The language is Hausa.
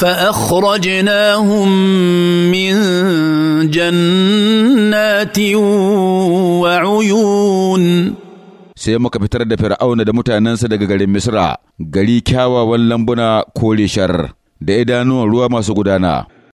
فأخرجناهم من جنات وعيون sai muka fitar da fir'auna da mutanensa daga garin misra gari kyawawan lambuna kore sharar da idanuwan ruwa masu gudana